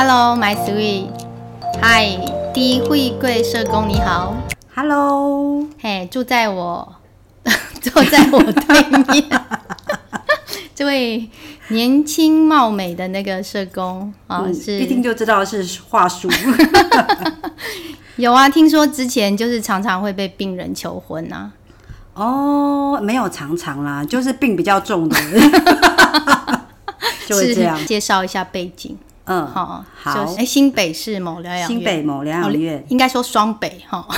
Hello, my sweet. Hi, 黎慧貴社工，你好。Hello. 嘿，坐、hey, 在我呵呵坐在我對面 這位年輕貌美的那個社工啊，嗯、是一聽就知道是話術。 有啊，聽說之前就是常常會被病人求婚吶、啊。哦，oh, 沒有常常啦，就是病比較重的， 是就是這樣。介紹一下背景。嗯，好好，哎、欸，新北市某療養院，新北某療養院，哦、應該說雙北哈、哦哦，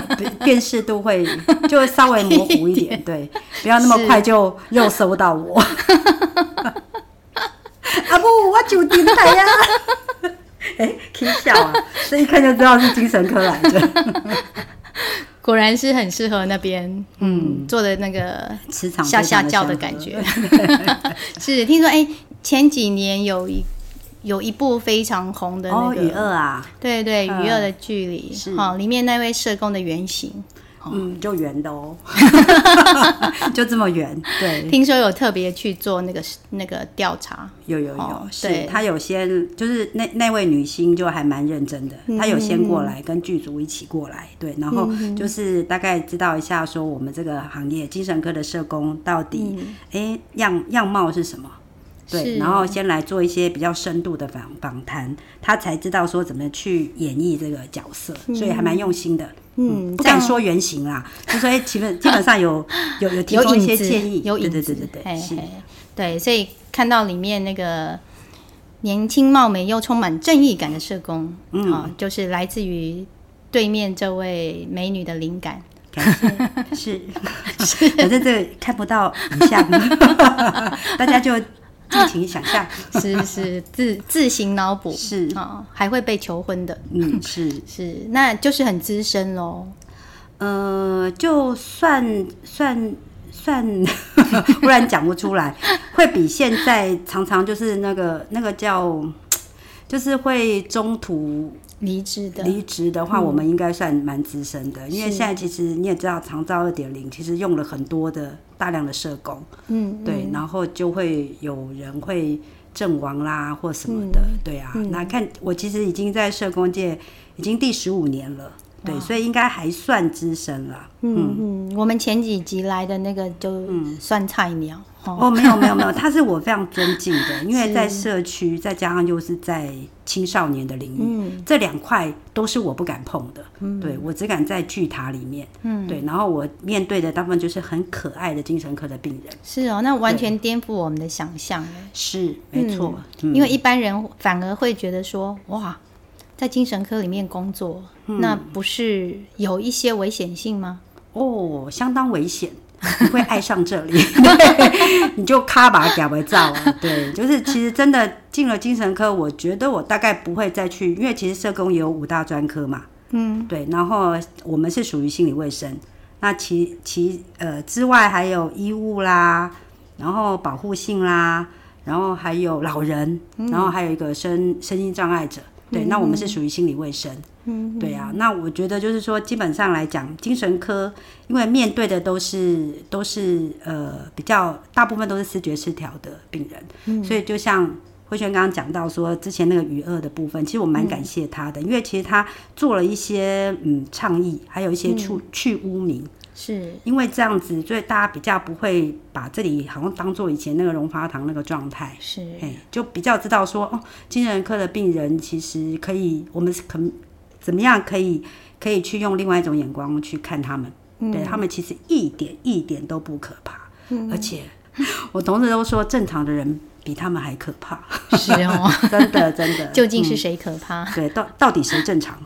好辨，辨識度會就會稍微模糊一點， 一點對，不要那麼快就又搜到我。是 啊不，我就電台呀，哎，可以笑啊，這、 欸啊、一看就知道是精神科來的， 果然是很適合那邊，嗯，嗯做的那個磁場下下叫的感覺， 是，聽說哎、欸，前幾年有一。有一部非常紅的那個《與惡》啊，對對，《與惡》的距離，哈，裡面那位社工的原型，嗯，就圓的哦，就這麼圓。對，聽說有特別去做那個那個調查，有有有，對，她有先就是那那位女星就還蠻認真的，她有先過來跟劇組一起過來，對，然後就是大概知道一下說我們這個行業精神科的社工到底，哎，樣樣貌是什麼。對，然後先來做一些比較深度的訪訪談，他才知道說怎麼去演繹這個角色，所以還蠻用心的。嗯，不敢說原型啦，就說哎，基本基本上有有有提供一些建議，有影子，對對對對對，是，對，所以看到裡面那個年輕貌美又充滿正義感的社工，嗯，就是來自於對面這位美女的靈感。是，是反正這看不到影像，大家就。盡情想象， 是是自自行腦補是啊，哦，還會被求婚的，嗯是是，那就是很資深嘍。呃，就算算算，忽然講不出來， 會比現在常常就是那個那個叫，就是會中途。離職的離職的話，我們應該算蠻資深的，嗯、因為現在其實你也知道，長照二點零其實用了很多的大量的社工，嗯，嗯對，然後就會有人會陣亡啦或什麼的，嗯、對啊，嗯、那看我其實已經在社工界已經第十五年了，哇對，所以應該還算資深了。嗯嗯，嗯我們前幾集來的那個就算菜鳥。嗯哦，沒有沒有沒有，他是我非常尊敬的，因為在社區，是再加上就是在青少年的領域，嗯、這兩塊都是我不敢碰的，嗯、對，我只敢在巨塔裡面，嗯、對，然後我面對的大部分就是很可愛的精神科的病人。是哦，那完全顛覆我們的想象是沒錯，嗯嗯、因為一般人反而會覺得說，哇，在精神科裡面工作，嗯、那不是有一些危險性嗎？哦，相當危險。你會愛上這裡，對，你就咔吧搞白照了。對，就是其實真的進了精神科，我覺得我大概不會再去，因為其實社工也有五大專科嘛，嗯，對。然後我們是屬於心理衛生，那其其呃之外還有醫務啦，然後保護性啦，然後還有老人，然後還有一個身、嗯、身心障礙者。對，那我們是屬於心理衛生，嗯、哼對啊，那我覺得就是說，基本上來講，精神科因為面對的都是都是呃比較大部分都是思覺失調的病人，嗯、所以就像惠娟剛剛講到說之前那個與惡的部分，其實我蠻感謝他的，嗯、因為其實他做了一些嗯倡議，還有一些去去污名。嗯是因為這樣子，所以大家比較不會把這裡好像當做以前那個龍發堂那個狀態，是，誒，就比較知道說，哦，精神科的病人其實可以，我們是可怎麼樣可以可以去用另外一種眼光去看他們，嗯、對他們其實一點一點都不可怕，嗯、而且我同事都說正常的人。比他們還可怕，是哦，真的真的，究竟是誰可怕？對，到到底誰正常？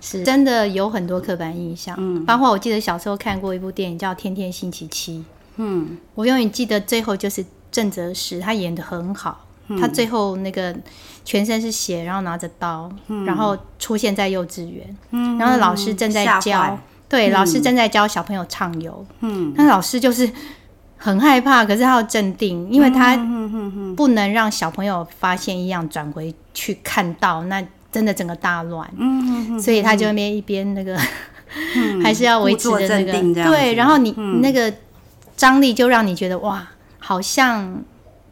是真的有很多刻板印象，包括我記得小時候看過一部電影叫《天天星期七》，嗯，我永遠記得最後就是鄭則仕，他演得很好，他最後那個全身是血，然後拿着刀，然後出現在幼稚園，然後老師正在教，對，老師正在教小朋友唱遊，嗯，那老師就是。很害怕，可是他要鎮定，因為他不能讓小朋友發現一樣轉回去看到，那真的整個大亂。嗯哼哼哼，所以他就邊一邊那個，嗯、還是要維持著那個這，對，然後你那個張力就讓你覺得、嗯、哇，好像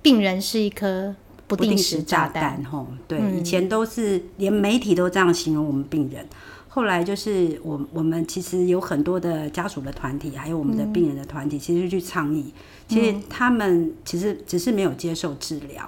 病人是一顆不定時炸彈。吼、哦，對，嗯、以前都是連媒體都這樣形容我們病人。後來就是我，我們其實有很多的家屬的團體，還有我們的病人的團體，其實去倡議。其實他們其實只是沒有接受治療，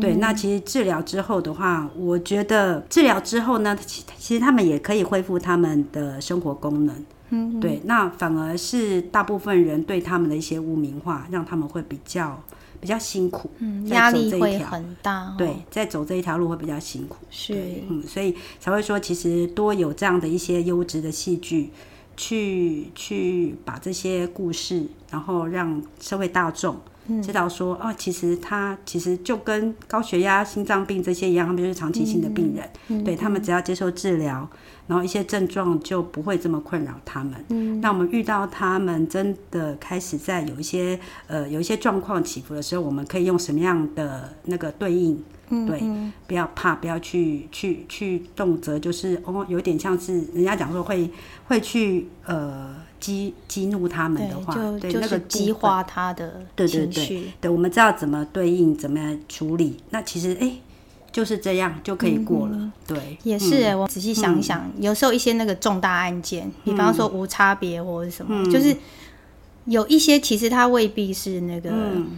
對。那其實治療之後的話，我覺得治療之後呢，其實他們也可以恢復他們的生活功能。嗯，對。那反而是大部分人對他們的一些污名化，讓他們會比較。比較辛苦，嗯，壓力會很大。哦，對，在走這一條路會比較辛苦，是，嗯，所以才會說，其實多有這樣的一些優質的戲劇，去去把這些故事，然後讓社會大眾。知道說啊、哦，其實他其實就跟高血壓、心臟病這些一樣，他們就是長期性的病人。嗯嗯、對他們只要接受治療，然後一些症狀就不會這麼困擾他們。那、嗯、我們遇到他們真的開始在有一些呃有一些狀況起伏的時候，我們可以用什麼樣的那個對應？對，嗯嗯、不要怕，不要去去去動輒就是哦，有點像是人家講說會會去呃。激激怒他們的話，對，就那個激化他的情緒。對對對，對，我們知道怎麼對應，怎麼樣處理。那其實，哎，就是這樣就可以過了。對，也是，我仔細想一想，有時候一些那個重大案件，比方說無差別或者什麼，就是有一些其實他未必是那個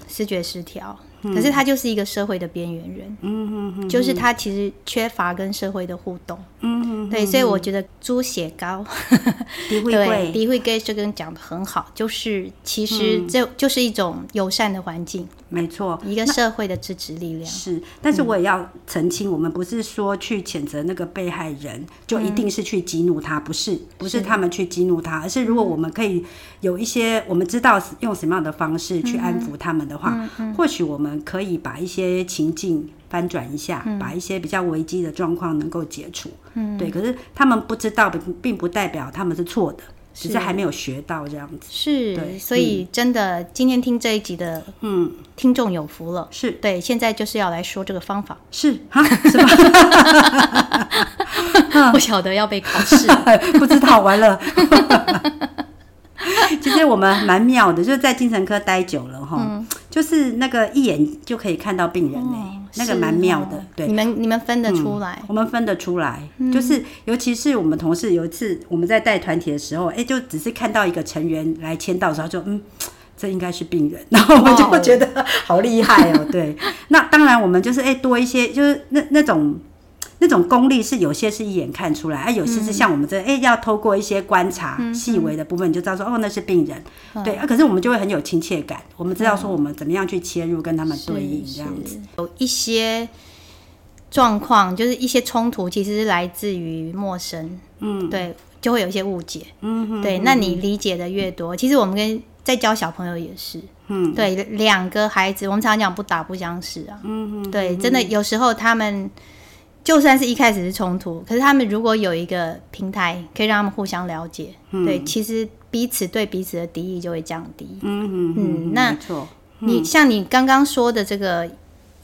思覺失調，可是他就是一個社會的邊緣人。嗯嗯嗯，就是他其實缺乏跟社會的互動。嗯，嗯對，所以我覺得豬血糕，嗯、 對，迪慧 Gay 這個人講得很好，就是其實這就是一種友善的環境，沒錯，一個社會的支持力量是。但是我也要澄清，我們不是說去譴責那個被害人，嗯、就一定是去激怒他，不是，不是他們去激怒他，是而是如果我們可以有一些我們知道用什麼樣的方式去安撫他們的話，嗯嗯嗯、或許我們可以把一些情境。翻轉一下，把一些比較危機的狀況能夠解除。嗯，對，可是他們不知道，并並不代表他們是錯的，嗯、只是還沒有學到這樣子。是，對所以真的、嗯、今天聽這一集的，嗯，聽眾有福了。嗯、是對，現在就是要來說這個方法。是啊，是吧嗎？ 不曉得要被考試， 不知道完了。 其實我們蠻妙的，就是在精神科待久了哈。嗯就是那個一眼就可以看到病人呢、欸，哦、那個蠻妙的。啊、對，你們你們分得出來、嗯？我們分得出來。嗯、就是，尤其是我們同事有一次我們在帶團體的時候，哎、欸，就只是看到一個成員來簽到的時候就，就嗯，這應該是病人，然後我們就覺得好厲害、喔、哦。 對，那當然我們就是哎、欸、多一些，就是那那種。那種功力是有些是一眼看出來，哎、啊，有些是像我們這，哎、欸，要透過一些觀察細微的部分就知道說，哦，那是病人，嗯、對。啊，可是我們就會很有親切感，我們知道說我們怎麼樣去切入跟他們對應這樣子。有一些狀況就是一些衝突，其實是來自於陌生，嗯，對，就會有一些誤解，嗯對。那你理解的越多，嗯、其實我們跟在教小朋友也是，嗯，對，兩個孩子，我們常常講不打不相識啊，嗯，嗯對，真的有時候他們。就算是一開始是衝突，可是他們如果有一個平台，可以讓他們互相了解，嗯、對，其實彼此對彼此的敵意就會降低。嗯嗯嗯。那、沒錯嗯你像你剛剛說的這個，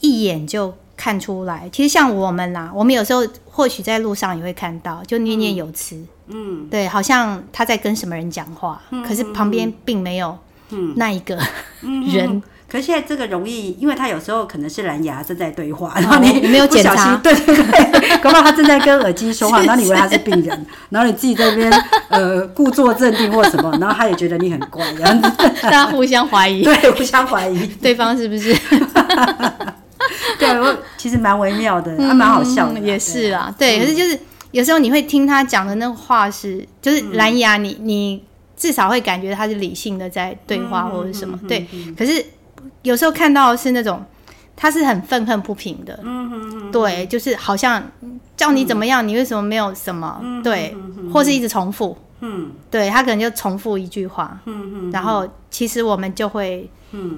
一眼就看出來。其實像我們啦，我們有時候或許在路上也會看到，就念念有詞、嗯，嗯，對，好像他在跟什麼人講話，嗯、可是旁邊並沒有、嗯、那一個人、嗯。嗯嗯可是現在這個容易，因為他有時候可能是藍牙正在對話，然後你、哦、你沒有檢查，對對對，搞不好他正在跟耳機說話。 是是，然後你以為他是病人，然後你自己在那邊呃故作鎮定或什麼，然後他也覺得你很怪，這樣子，互相懷疑，對，互相懷疑對方是不是？ 對，我其實蠻微妙的，還蠻好笑的，啊嗯，也是啦，對，可是對、嗯、就是有時候你會聽他講的那話是，就是藍牙你，你、嗯、你至少會感覺他是理性的在對話或者什麼，嗯嗯嗯嗯嗯對，可是。有時候看到的是那種，他是很憤恨不平的，嗯嗯嗯，對，就是好像叫你怎麼樣，嗯、你為什麼沒有什麼，嗯、哼哼哼對，或是一直重複，嗯哼哼哼，對，他可能就重複一句話，嗯嗯，然後其實我們就會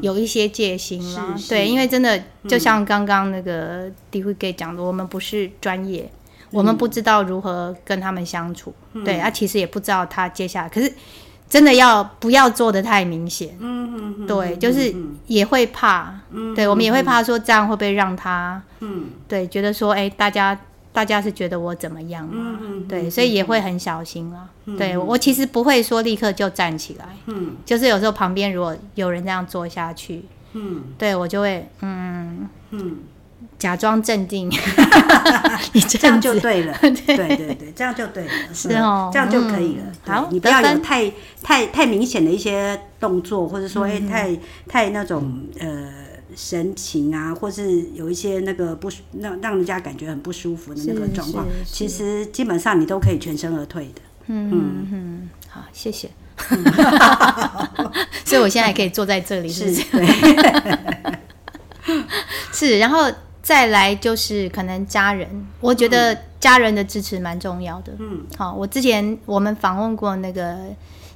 有一些戒心啦，嗯、是是對，因為真的就像剛剛那個 d u 給講的，我們不是專業，嗯、我們不知道如何跟他們相處，嗯、哼哼對，他其實也不知道他接下來可是。真的要不要做得太明顯？嗯嗯對，就是也會怕，嗯、哼哼對，我們也會怕說這樣會不會讓他，嗯哼哼，對，覺得說哎、欸，大家大家是覺得我怎麼樣？嗯嗯，對，所以也會很小心啊。嗯、哼對我其實不會說立刻就站起來，嗯哼，就是有時候旁邊如果有人這樣坐下去，嗯哼，對我就會，嗯嗯。假裝鎮定，你 這樣就對了。對對對，這樣就對了，是哦，這樣就可以了。好，你不要有太太太明顯的一些動作，或者說，哎，太太那種呃神情啊，或是有一些那個不舒，那讓人家感覺很不舒服的那個狀況，其實基本上你都可以全身而退的。嗯嗯嗯，好，謝謝。 所以我現在可以坐在這裡，是這樣，是，是對 然後。再來就是可能家人，我覺得家人的支持蠻重要的。嗯，好、哦，我之前我們訪問過那個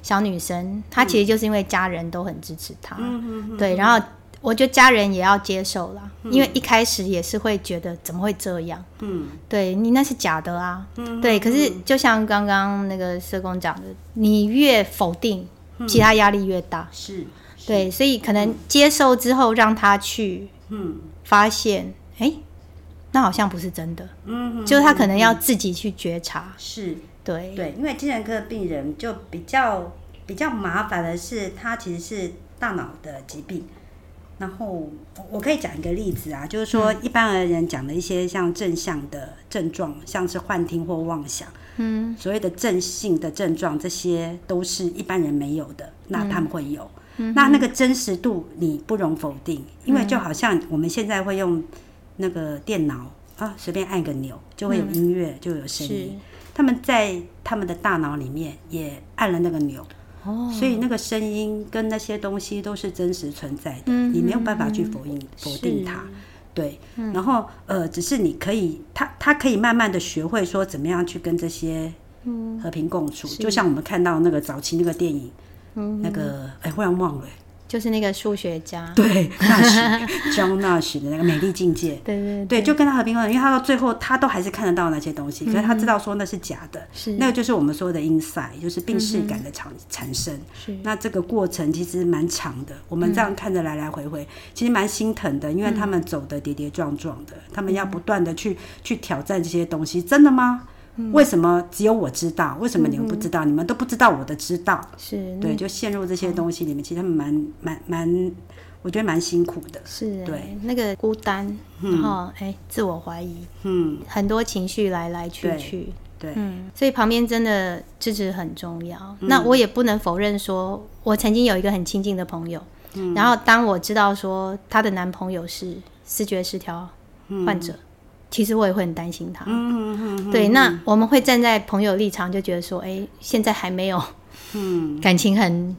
小女生，嗯、她其實就是因為家人都很支持她。嗯嗯，嗯對，然後我覺得家人也要接受啦，嗯、因為一開始也是會覺得怎麼會這樣？嗯，對你那是假的啊。嗯嗯。對，可是就像剛剛那個社工講的，你越否定，其他壓力越大。嗯、對是。對，所以可能接受之後，讓他去嗯發現。哎、欸，那好像不是真的，嗯哼，就是他可能要自己去覺察，是對，對，因為精神科病人就比較比較麻煩的是，他其實是大腦的疾病。然後我可以講一個例子啊，就是說一般而言講的一些像正向的症狀，像是幻聽或妄想，嗯，所謂的正性的症狀，這些都是一般人沒有的，那他們會有，嗯、哼那那個真實度你不容否定，因為就好像我們現在會用。那個電腦啊，隨便按個鈕就會有音樂，就有聲音。他們在他們的大腦裡面也按了那個鈕，哦，所以那個聲音跟那些東西都是真實存在的，你沒有辦法去否定否定它。對，然後呃，只是你可以，他他可以慢慢的學會說怎麼樣去跟這些和平共處。就像我們看到那個早期那個電影，那個哎，忽然忘了，欸。就是那個數學家，對，納什 ，John Nash 的那個美麗境界， 對對對,對，就跟他和平共處，因為他到最後他都還是看得到那些東西，嗯、哼可是他知道說那是假的，是那個就是我們說的 i i n s insight 就是病識感的產產生，嗯、是那這個過程其實蠻長的，我們這樣看着來來回回，嗯、其實蠻心疼的，因為他們走的跌跌撞撞的，嗯、他們要不斷的去去挑戰這些東西，真的嗎？為什麼只有我知道？為什麼你們不知道？你們都不知道我的知道？是對，就陷入這些東西裡面，其實蠻蠻蠻，我覺得蠻辛苦的。是，對，那個孤單，然後哎，自我懷疑，嗯，很多情緒來來去去，對，所以旁邊真的支持很重要。那我也不能否認說，我曾經有一個很親近的朋友，然後當我知道說她的男朋友是思覺失調患者。其實我也會很擔心他。嗯嗯，對，那我們會站在朋友立場，就覺得說，哎，現在還沒有，嗯，感情很。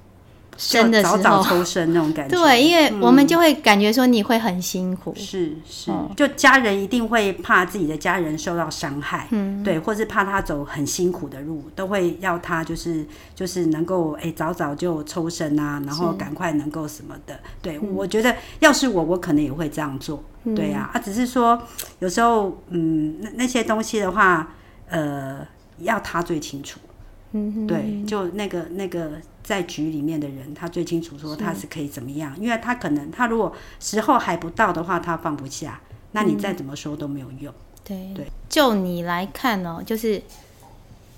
真的早早抽身那種感覺，對，嗯、因為我們就會感覺說你會很辛苦，是是，就家人一定會怕自己的家人受到傷害，嗯，對，或是怕他走很辛苦的路，都會要他就是就是能夠誒、欸，早早就抽身啊，然後趕快能夠什麼的，是對，我覺得要是我，我可能也會這樣做，嗯、對啊，他只是說有時候嗯，那那些東西的話，呃，要他最清楚。 對，就那個那個在局裡面的人，他最清楚說他是可以怎麼樣，是因為他可能他如果時候還不到的話，他放不下，嗯、那你再怎麼說都沒有用。對對，就你來看哦、喔，就是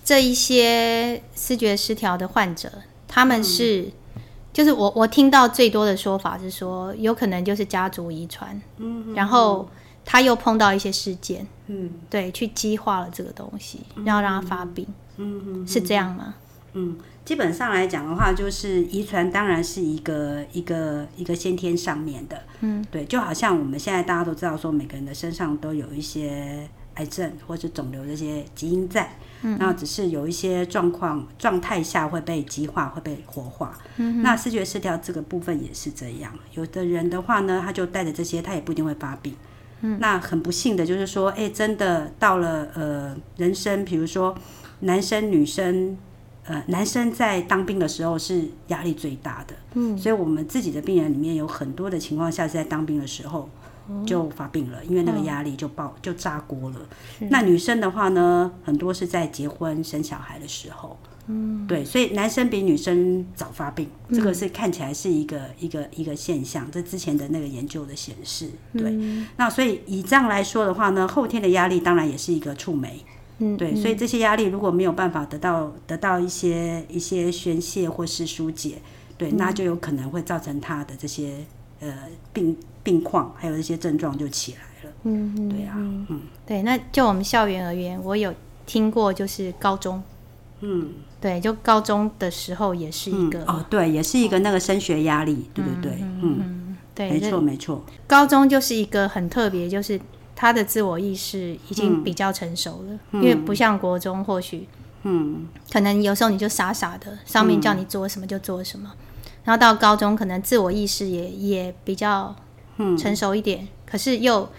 這一些思覺失調的患者，他們是，嗯、就是我我聽到最多的說法是說，有可能就是家族遺傳，嗯、哼然後他又碰到一些事件，嗯、對，去激化了這個東西，然後讓他發病。嗯嗯，是這樣嗎？嗯，基本上來講的話，就是遺傳當然是一個一個一個先天上面的，嗯，對，就好像我們現在大家都知道，說每個人的身上都有一些癌症或是腫瘤這些基因在，嗯，那只是有一些狀況狀態下會被激化，會被活化，嗯，嗯那思覺失調這個部分也是這樣，有的人的話呢，他就帶着這些，他也不一定會發病，嗯，那很不幸的就是說，哎、欸，真的到了呃人生，比如說。男生、女生，呃，男生在當兵的時候是壓力最大的，嗯，所以我們自己的病人裡面有很多的情況下是在當兵的時候就發病了，哦、因為那個壓力就爆就炸鍋了。嗯、那女生的話呢，很多是在結婚生小孩的時候，嗯，對，所以男生比女生早發病，這個是看起來是一個、嗯、一個一個現象，這之前的那個研究的顯示，對，嗯、那所以以這樣來說的話呢，後天的壓力當然也是一個觸媒。嗯、對，所以這些壓力如果沒有辦法得到、嗯、得到一些一些宣洩或是疏解，對，嗯、那就有可能會造成他的這些呃病病況，還有一些症狀就起來了。嗯，對啊嗯，對。那就我們校園而言，我有聽過，就是高中，嗯，對，就高中的時候也是一個、嗯、哦，對，也是一個那個升學壓力，哦、對對對，對。嗯，嗯對，沒錯，沒錯。高中就是一個很特別，就是。他的自我意識已經比較成熟了，嗯、因為不像國中或許，或許、嗯，可能有時候你就傻傻的，上面叫你做什麼就做什麼，嗯、然後到高中可能自我意識也也比較成熟一點，嗯、可是又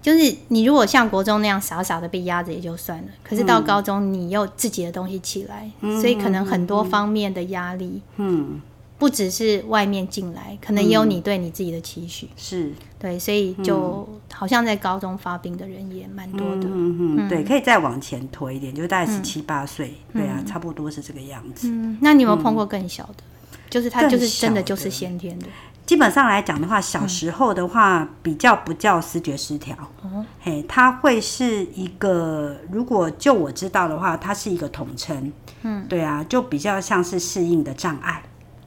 就是你如果像國中那樣傻傻的被壓着也就算了，可是到高中你又自己的東西起來，嗯、所以可能很多方面的壓力，嗯嗯嗯嗯嗯不只是外面進來，可能也有你對你自己的期許、嗯，是對，所以就好像在高中發病的人也蠻多的，嗯嗯，嗯嗯嗯對，可以再往前推一點，就大概是七八歲，嗯、對啊，嗯、差不多是這個樣子、嗯。那你有沒有碰過更小的？嗯、就是他就是真的就是先天的。的基本上來講的話，小時候的話比較不叫思覺失調，嗯，嘿，他會是一個，如果就我知道的話，它是一個統稱，嗯，對啊，就比較像是適應的障礙。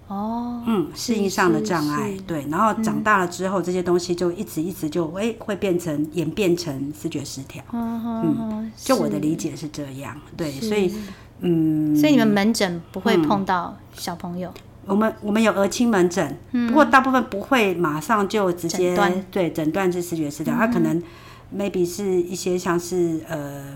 哦，嗯，適應上的障礙對，然後長大了之後，這些東西就一直一直就誒，會變成演變成思覺失調。哦，就我的理解是這樣，對，所以，嗯，所以你們門診不會碰到小朋友？我們我們有兒青門診，不過大部分不會馬上就直接對診斷是思覺失調，他可能 maybe 是一些像是呃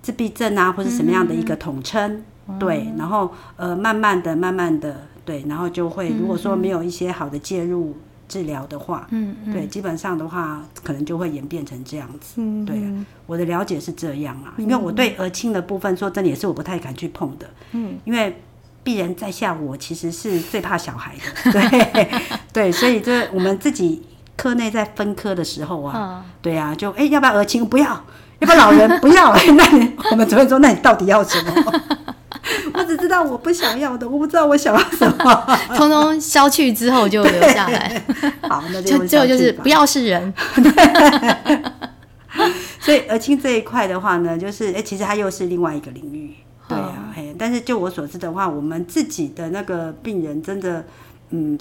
自閉症啊，或是什麼樣的一個統稱，對，然後呃，慢慢的，慢慢的。對，然後就會如果說沒有一些好的介入治療的話，嗯，嗯對，基本上的話可能就會演變成這樣子。對，我的了解是這樣啊，嗯、因為我對兒青的部分說，說真的也是我不太敢去碰的。嗯，因為敝人在下，我其實是最怕小孩的。 對對，所以這我們自己科內在分科的時候啊，嗯、對啊，就哎要不要兒青？不要，要不要老人？不要。 哎、那你我們主任說，那你到底要什麼？ 我只知道我不想要的，我不知道我想要什麼， 通通消去之後就留下來。好，那就就最後就是不要是人。 對，所以而親這一塊的話呢，就是哎、欸，其實它又是另外一個領域。 對啊，但是就我所知的話，我們自己的那個病人真的，嗯。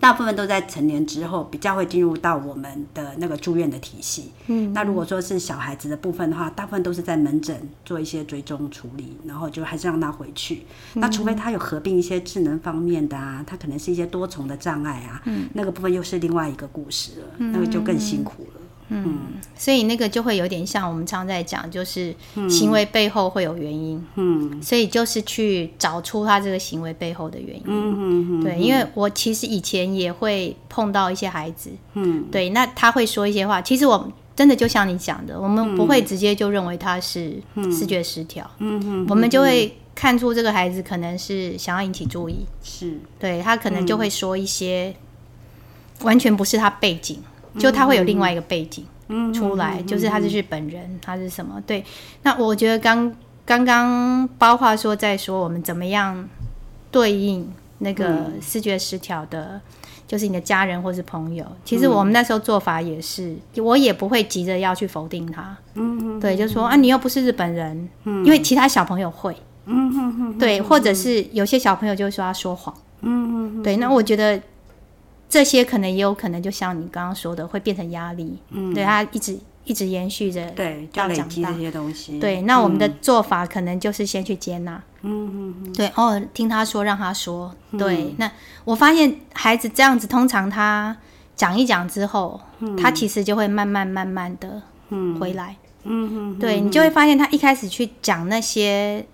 大部分都在成年之後，比較會進入到我們的那個住院的體系。嗯，嗯，那如果說是小孩子的部分的話，大部分都是在門診做一些追蹤處理，然後就還是讓他回去。嗯嗯，那除非他有合併一些智能方面的啊，他可能是一些多重的障礙啊，嗯，那個部分又是另外一個故事了，那個就更辛苦了。嗯嗯。嗯，所以那個就會有點像我們常在講，就是行為背後會有原因。嗯，所以就是去找出他這個行為背後的原因。嗯嗯嗯。對，因為我其實以前也會碰到一些孩子。嗯哼。對，那他會說一些話，其實我真的就像你講的，我們不會直接就認為他是思覺失調。嗯嗯。我們就會看出這個孩子可能是想要引起注意。是。對，他可能就會說一些完全不是他背景，就他會有另外一個背景出來，就是他是日本人，他是什麼？對，那我覺得剛剛剛包括說在說我們怎麼樣對應那個思覺失調的，就是你的家人或是朋友。其實我們那時候做法也是，我也不會急着要去否定他。嗯嗯，對，就說啊，你又不是日本人，因為其他小朋友會。嗯對，或者是有些小朋友就會說他說謊。嗯嗯，對，那我覺得。這些可能也有可能，就像你剛剛說的，會變成壓力，嗯、對他一直一直延續着，對，要累積這些東西。嗯、對，那我們的做法可能就是先去接納、嗯，嗯嗯嗯，對，偶、哦、聽他說，讓他說，嗯、對。那我發現孩子這樣子，通常他講一講之後，嗯、他其實就會慢慢慢慢的回來，嗯哼，嗯嗯嗯對你就會發現他一開始去講那些。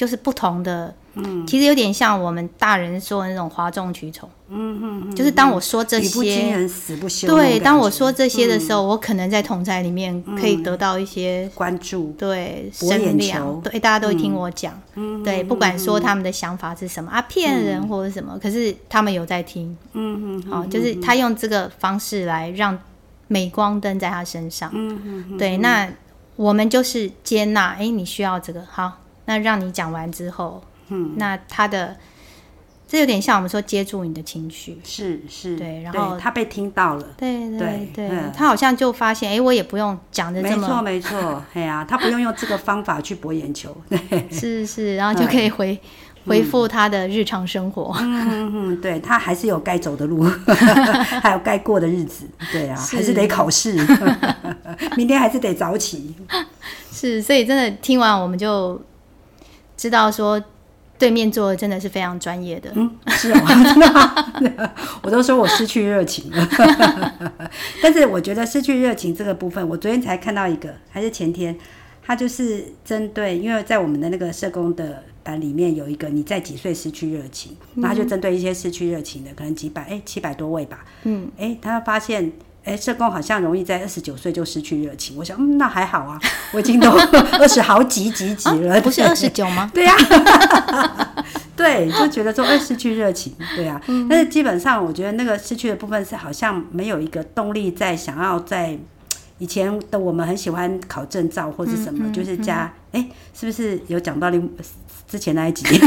就是不同的，嗯，其實有點像我們大人說的那種嘩眾取寵，嗯嗯嗯，就是當我說這些，死不休，對，當我說這些的時候，我可能在同儕裡面可以得到一些關注，對，博眼球，對，大家都會聽我講，對，不管說他們的想法是什麼啊，騙人或者什麼，可是他們有在聽，嗯嗯，哦，就是他用這個方式來讓鎂光燈在他身上，嗯嗯，對，那我們就是接納，哎，你需要這個，好。那讓你講完之後，嗯，那他的這有點像我們說接住你的情緒，是是，對，然後他被聽到了，對對對，對他好像就發現，哎、欸，我也不用講的這麼，沒錯沒錯，哎呀、啊，他不用用這個方法去博眼球，對，是是，然後就可以回恢復、嗯、他的日常生活，嗯,嗯,嗯對他還是有該走的路， 還有該過的日子，對啊，是還是得考試， 明天還是得早起，是，所以真的聽完我們就。知道說對面做的真的是非常專業的，嗯，是啊、哦， 我都說我失去熱情了， 但是我覺得失去熱情這個部分，我昨天才看到一個，還是前天，他就是針對，因為在我們的那個社工的版裡面有一個，你在幾歲失去熱情，他、嗯、就針對一些失去熱情的，可能幾百，欸、七百多位吧，嗯、欸，誒，他發現。哎、欸，社工好像容易在二十九歲就失去熱情。我想，嗯，那還好啊，我已經都二十好幾幾幾了， 對啊，不是二十九嗎？對呀，對，就覺得說哎，失去熱情，對啊。嗯、但是基本上，我覺得那個失去的部分是好像沒有一個動力在想要在。以前的我們很喜歡考證照或者什麼，嗯嗯嗯、就是加哎、欸，是不是有講到你之前那一集的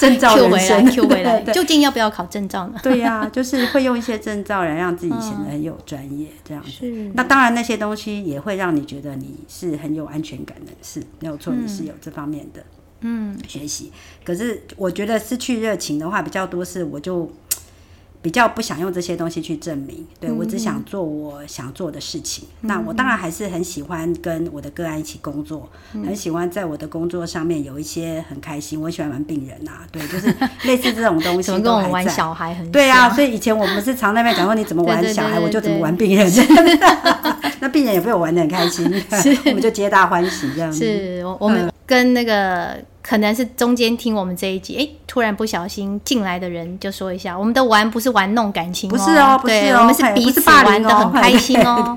證照人生 ？Q 究竟要不要考證照呢？對呀、啊，就是會用一些證照來讓自己顯得很有專業，這樣子。那、嗯、當然，那些東西也會讓你覺得你是很有安全感的，是沒有錯，嗯、你是有這方面的學習嗯學習。可是我覺得失去熱情的話，比較多是我就。比較不想用這些東西去證明，對，我只想做我想做的事情。嗯、那我當然還是很喜歡跟我的個案一起工作，嗯、很喜歡在我的工作上面有一些很開心。我喜歡玩病人吶、啊，對，就是類似這種東西都還在。喜歡跟我玩小孩很小。對啊，所以以前我們是常在那邊講說你怎麼玩小孩，對對對對對，我就怎麼玩病人，真的。是 那病人也被我玩得很開心，是 我們就皆大歡喜這樣。是，我們。我跟那個可能是中間聽我們這一集，哎、欸，突然不小心進來的人就說一下，我們的玩不是玩弄感情、哦，不是哦，不是我們是彼此玩得很開心哦,哦？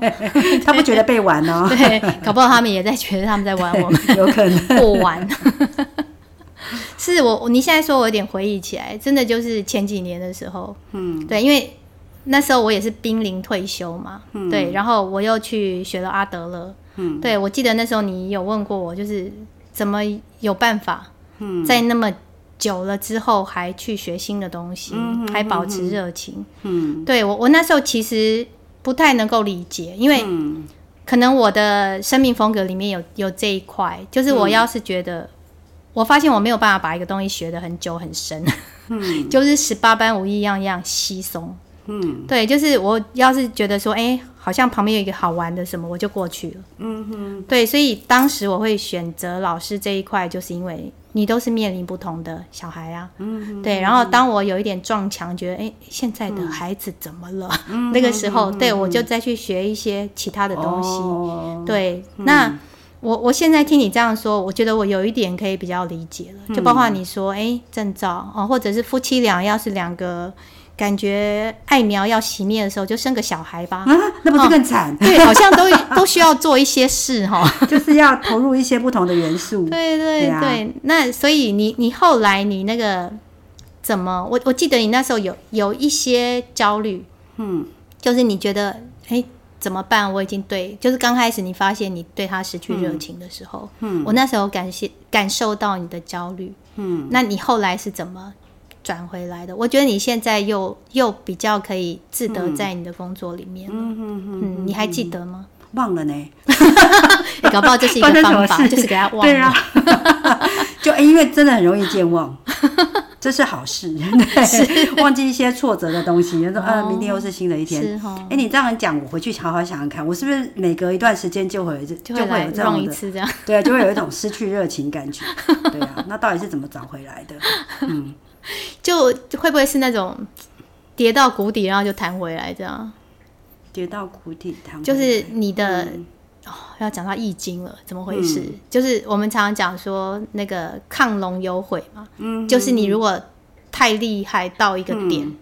他不覺得被玩哦？ 對，搞不好他們也在覺得他們在玩我們，有可能不玩，過完 是我你現在說，我有點回憶起來，真的就是前幾年的時候，嗯，對，因為那時候我也是瀕臨退休嘛，嗯，對，然後我又去學了阿德勒，嗯，對，我記得那時候你有問過我，就是。怎麼有辦法在那麼久了之後還去學新的東西，嗯、還保持熱情？嗯嗯嗯、對我我那時候其實不太能夠理解，因為可能我的生命風格裡面有有這一塊，就是我要是覺得，嗯、我發現我沒有辦法把一個東西學得很久很深，嗯、 就是十八般武藝樣樣稀鬆。嗯，對，就是我要是覺得說，哎、欸，好像旁邊有一個好玩的什麼，我就過去了。嗯哼，對，所以當時我會選擇老師這一塊，就是因為你都是面臨不同的小孩啊。嗯哼，對。然後當我有一點撞牆，覺得哎、欸，現在的孩子怎麼了？嗯、 那個時候，對我就再去學一些其他的東西。哦、對，那、嗯、我我現在聽你這樣說，我覺得我有一點可以比較理解了，就包括你說，哎、欸，證照哦，或者是夫妻倆要是兩個。感覺愛苗要熄滅的時候，就生個小孩吧。啊，那不是更慘哦？對，好像都都需要做一些事哈，哦、 就是要投入一些不同的元素。對對對。對啊、那所以你你後來你那個怎麼？我我記得你那時候有有一些焦慮。嗯。就是你覺得，哎、欸，怎麼辦？我已經對，就是剛開始你發現你對他失去熱情的時候。嗯。我那時候感謝感受到你的焦慮。嗯。那你後來是怎麼？轉回來的，我覺得你現在又又比較可以自得在你的工作裡面。嗯嗯嗯，你還記得嗎？忘了呢。搞不好這是一個方法，就是給他忘了。對啊，就因為真的很容易健忘，這是好事，是忘記一些挫折的東西。你說，啊，明天又是新的一天。哎，你這樣講，我回去好好想想看，我是不是每隔一段時間就會就會有這樣子，對啊，就會有一種失去熱情感覺。對啊，那到底是怎麼轉回來的？嗯。就會不會是那種跌到谷底，然後就彈回來這樣？跌到谷底彈就是你的、嗯、哦，要講到易經了，怎麼回事？嗯、就是我們常常講說那個亢龍有悔嘛，嗯哼，就是你如果太厲害到一個點，嗯、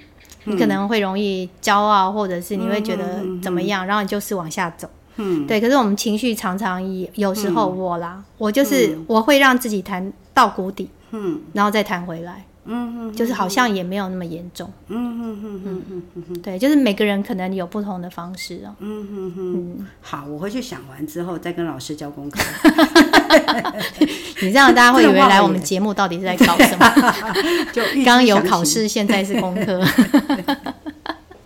哼你可能會容易驕傲，或者是你會覺得怎麼樣，嗯、哼然後你就是往下走，嗯哼，對。可是我們情緒常常也有時候我啦，嗯、哼我就是我會讓自己彈到谷底，嗯哼，然後再彈回來。嗯嗯，就是好像也沒有那麼嚴重。嗯嗯嗯嗯嗯嗯，對，就是每個人可能有不同的方式哦。嗯嗯嗯好，我回去想完之後再跟老師交功課。 你這樣大家會以為來我們節目到底是在搞什麼？就 剛有考試，現在是功課。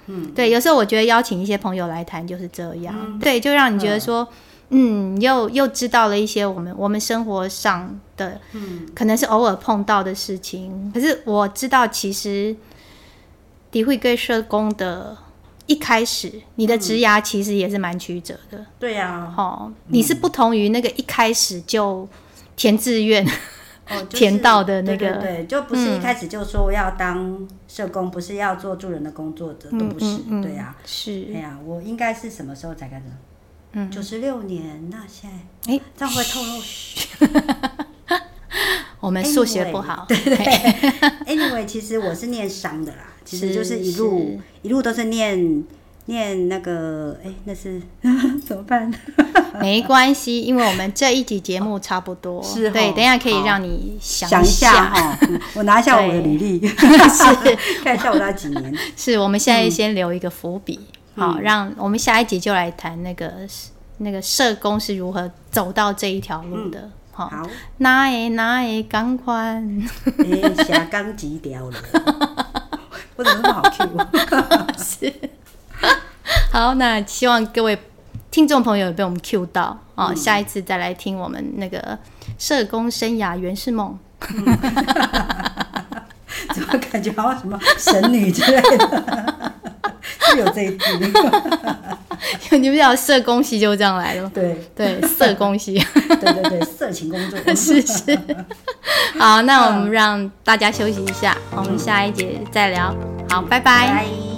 嗯， 對，有時候我覺得邀請一些朋友來談就是這樣。對，就讓你覺得說。嗯，又又知道了一些我們我們生活上的，嗯，可能是偶爾碰到的事情。可是我知道，其實，你會跟社工的一開始，你的職涯其實也是蠻曲折的。對呀，哦，你是不同於那個一開始就填志願，哦，就是、填到的那個，對，對，對，就不是一開始就說要當社工，嗯、不是要做助人的工作者，嗯、都不是，嗯、對呀、啊，是，哎呀、啊，我應該是什麼時候才開始？嗯，九十六年，那現在哎，這樣會透露，我們數學不好，對對 Anyway，其實我是念商的啦，其實就是一路一路都是念念那個，哎，那是怎麼辦呢？沒關係，因為我們這一集節目差不多，對，等一下可以讓你想一下哈。我拿一下我的履歷，看一下我那幾年。是我們現在先留一個伏筆。嗯、好，讓我們下一集就來談那個那個社工是如何走到這一條路的。嗯、好，那也那也剛寬下港幾條路？ 我怎麼那麼好 Q 啊？ 是。好，那希望各位聽眾朋友也被我們 Q 到哦，嗯、下一次再來聽我們那個社工生涯原是夢。 嗯、 怎麼感覺好像什麼神女之類的？ 有這一句，你們講色工系就這樣來了嗎？對對，色工系，對對對，色情工作， 是是。 好，那我們讓大家休息一下，嗯、我們下一節再聊。好，拜拜。拜拜